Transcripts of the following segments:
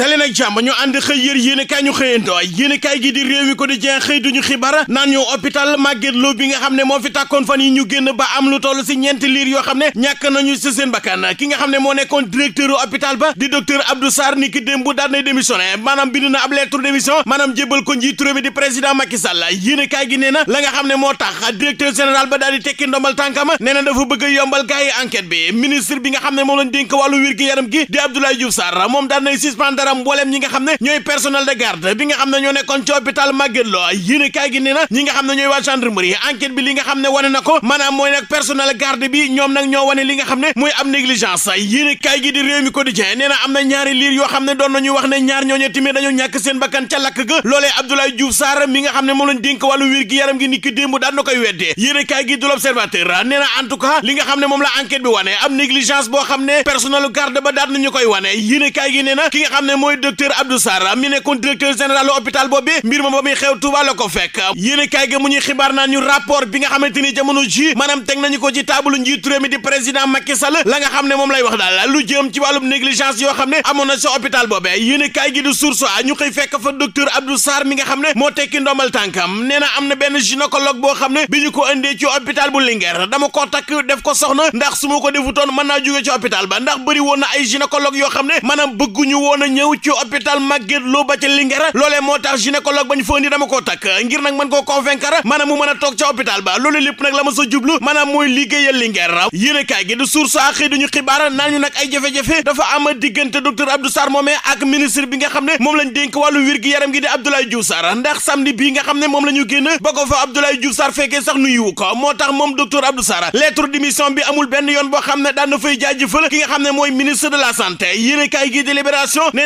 dale nag jàmb ñu ànd xëy yër yéen i kaay ñu xëyandoo yéen i kaay gi di réew mi ko di jeex xëy duñu xibaar naan ñu hôpital Magatte Lô bi nga xam ne moo fi tàkkoon fan yi ñu génn ba am lu toll si ñeenti liir yoo xam ne ñàkk nañu si ba bakkan ki nga xam ne moo nekkoon directeur hôpital ba di docteur Abdou Sarr ni ki bu daan nay démissionné maanaam bind na ab lettre démission maanaam jébbal ko njiitu réew di président Macky Sall yéen i kaay gi nee na la nga xam ne moo tax directeur général ba di tekki ndombal tànkama nee na dafa bëgg a yombal gars yi bi nga xam ne moom lañ dénk wàllu wér gi yaram gi di Abdoulaye Diouf Sarr yaram mbooleem ñi nga xam ne ñooy personnel de garde bi nga xam ne ñoo nekkoon ci hôpital Magatte Lô yéene kaay na ñi nga xam ne ñooy li nga xam ne wane na ko maanaam mooy nag personnel garde bi ñoom nag ñoo wane li nga xam ne mooy am négligence yéene kaay gi di réew mi quotidien nee na am na ñaari liir yoo xam ne doon nañuy wax ne ñaar ñooñu tamit dañu ñàkk seen bakkan ca lakk ga loolee Abdoulaye Diouf Sarr mi nga xam ne moom lañ dénk wàllu wér gi yaram gi niki démb daan na koy ne moom la enquête bi wane am ne personnel garde ba daan koy wane mooy docteur Abdou Sarr mi nekkoon directeur général hôpital boobu mbir moom ba muy xew Touba ko fekk yéen kaay gi mu ñuy xibaar naan ñu rapport bi nga xamante ni jamono ji maanaam teg nañu ko ci taabalu njiitu réew mi di président Macky Sall la nga xam ne moom lay wax daal lu jëm ci wàllum négligence yoo xam ne amoon na sa hôpital boobu yéen kaay gi du source ñu xëy fekk fa docteur Abdou Sarr mi nga xam ne moo tekki ndombal tànkam nee na am na benn gynécologue boo xam ne bi ñu ko indee ci hôpital bu Linguère dama ko takk def ko soxna ndax su ma ko defutoon mën naa jóge ci ba ndax bëri woon na ay yoo xam ne maanaam bëgguñu woon a ñëw ñëw ci hôpital Magatte Lô ba ca Linguère loolee moo tax gynécologue ba ñu fa indi dama koo takk ngir nag mën koo convaincre maanaam mu mën a toog ca hôpital ba loolu lépp nag la ma sa jublu maanaam mooy liggéeyal Linguère yéene kaay gi di source a xëy duñu xibaar naan ñu nag ay jafe-jafe dafa am diggante docteur Abdou Sarr ak ministre bi nga xam ne moom lañ dénk wàllu wér la ñu génn ba fa Abdoulaye Diouf Sarr fekkee sax nuyu ko moo tax moom docteur Abdou Sarr lettre bi yoon boo xam ne daan na fay jaajëfal ki nga mooy ministre de la santé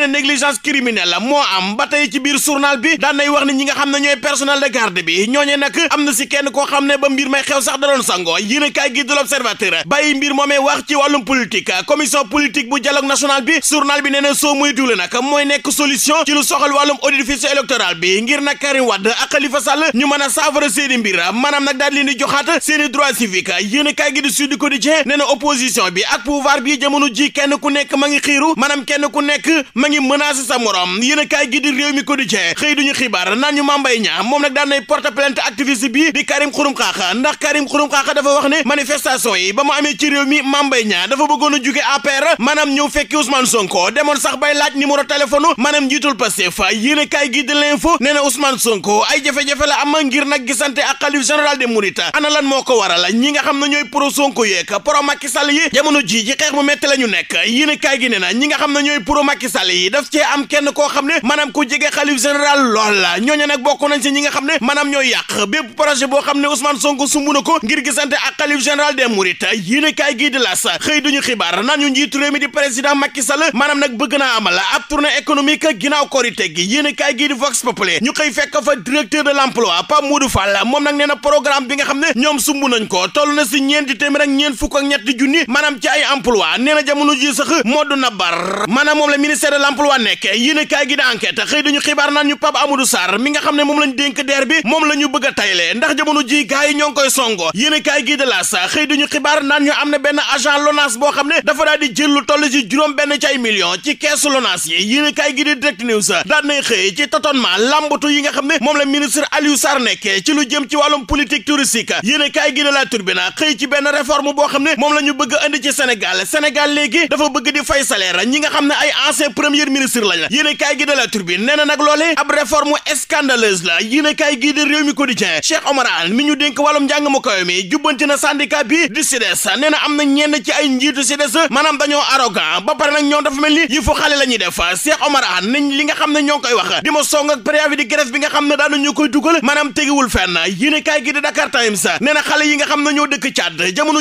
ne négligence criminelle la moo am ba tey ci biir journal bi daan nay wax ni ñi nga xam ne ñooy personnel de garde bi ñooñee nag am na si kenn koo xam ne ba mbir may xew sax da sango yéen a kaay gi du l'observateur bàyyi mbir moomee wax ci wàllum politique commission politique bu dialogue national bi journal bi nee na soo muy duule nag mooy nekk solution ci lu soxal wàllum audit électoral bi ngir nag Karim Wade ak Khalifa Sall ñu mën a saafara seeni mbir di joxaat seeni droit a kaay gi di Sud Quotidien nee na opposition bi ak pouvoir bi jamono ji kenn ku nekk ma ngi xiiru maanaam kenn ku nekk ma ngi ñu menacé sa morom yéen a kaay gi di réew mi quotidien xëy duñu xibaar naan ñu mambay ñaa moom nag daan nay porte plainte activiste di Karim Xurum Xaaxa ndax Karim Xurum Xaaxa dafa wax ne manifestation yi ba mu amee ci réew mi mambay ñaa dafa bëggoon a jóge APR maanaam ñëw fekki Ousmane Sonko demoon sax bay laaj numéro téléphone maanaam njiitul Pastef a kaay gi di l'info nee na Ousmane Sonko ay jafe-jafe la am ngir nag gisante ak xalif général des Mourides ana lan moo ko yi daf cee am kenn koo xam ne maanaam ku jege xalif général lool la ñooñu nag bokk nañ ci ñi nga xam ne maanaam ñoo yàq bépp projet boo xam ne Ousmane Sonko sumb na ko ngir gisante a xalif général des Mourides yéen a kaay gii di las xëy duñu xibaar naan ñu njiitu réew mi di président Macky Sall maanaam nag bëgg naa amal ab tournée économique ginnaaw korite gi yéen a kaay gii di Vox Populi ñu xëy fekk fa directeur de l'emploi Pape Modou Fall moom nag nee na programme bi nga xam ne ñoom sumb nañ ko na si ñeenti téeméer ak ñeent fukk ak ñetti junni maanaam ci ay emploi nee na jamono ji sax Modou Nabar maanaam moom la emploi nekk yéenekaay gi di enquête xëy dañu xibaar naan ñu Pape Amadou Sarr mi nga xam ne moom lañ dénk deer moom la ñu bëgg a tayle ndax jamono ji gars yi ñoo ngi koy songo yéenekaay gi di L'As xëy dañu xibaar naan ñu am na benn agent LONASE boo xam ne dafa daal di jël lu toll ci juróom benn ci ay millions ci keesu LONASE yi yéenekaay gi di Direct News daan nay xëy ci tâtonnement lambatu yi nga xam ne moom la ministre Aliou Sarr nekkee ci lu jëm ci wàllum politique touristique yéenekaay boo xam ne moom la ñu bëgg a indi ci Sénégal Sénégal léegi dafa bëgg di fay salaire premier ministre lañ la yéene kaay réew mi quotidien Cheikh Omar Anne mi ñu dénk wàllum njàng mu kaw mi jubbanti na syndicat bi di SYDES na am na ci ay njiitu SYDES maanaam dañoo arrogant ba pare ñoom dafa mel ni yëfu xale la ñuy def Cheikh Omar Anne xam ne ñoo ngi wax di ma song ak préavis bi nga xam ne daanu ñu koy dugal maanaam tegiwul fenn yéene kaay gi de Dakar Times nee na xale yi xam ne ñoo dëkk Tchad jamono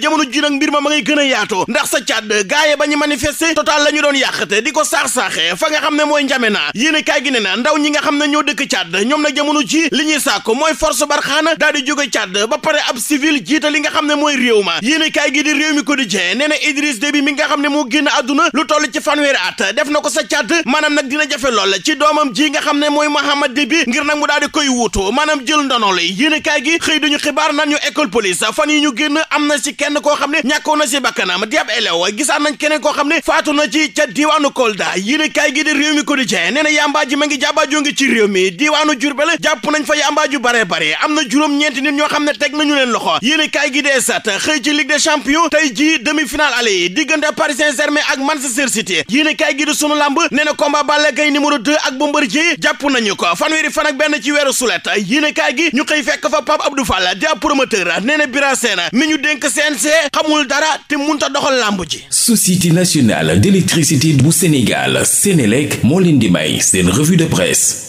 ji jamono ji nag mbir ma ma ngay gën a yaatoo ndax sa càdd gaaye ba ñu manifester total la ñu doon yàqate di ko saax-saaxee fa nga xam ne mooy njame naa yéen kaay gi ne na ndaw ñi nga xam ne ñoo dëkk càdd ñoom nag jamono ji li ñuy sàkk mooy force barxaana daal di jóge càdd ba pare ab civil jiite li nga xam ne mooy réew ma yéen kaay gi di réew mi quotidien nee na Idriss Déby mi nga xam ne moo génn àdduna lu toll ci fanweeri at def na ko sa càdd maanaam nag dina jafe lool ci doomam ji nga xam ne mooy Mohamed Déby ngir nag mu daal di koy wuutu maanaam jël ndono la yéen kaay gi xëy duñu xibaar nan ñu école police fan yi ñu génn am na ci kenn kenn koo xam ne ñàkkoon na si na di ab elew gisaan nañ keneen koo xam ne faatu na ci ca diiwaanu Kolda yéen kaay gi di réew mi quotidien nee na yambaa ji ma ngi jàbbaajoo ngi ci réew mi diiwaanu Jurbel jàpp nañ fa yambaa ju bare am na juróom-ñeenti nit ñoo xam ne teg nañu leen loxo yéen kaay gi de sat xëy ci Ligue des champions tey ji demi-finale aller yi diggante Paris Saint-Germain ak Manchester City yéen kaay gi di sunu lamb nee na combat Balla Gaye numéro 2 ak Bombardier jàpp nañu ko fanweeri fan ak benn ci weeru sulet yéen kaay gi ñu xëy fekk fa Pape Abdou Fall di ab promoteur nee na Bira Sène ñu dénk CNG kese dara te munta doxal làmb ji société nationale d'électricité bu Sénégal Sénélec moo leen di may seen revue de presse